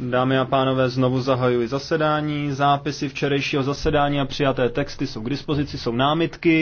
Dámy a pánové, znovu zahajuji zasedání. Zápisy včerejšího zasedání a přijaté texty jsou k dispozici, jsou námitky.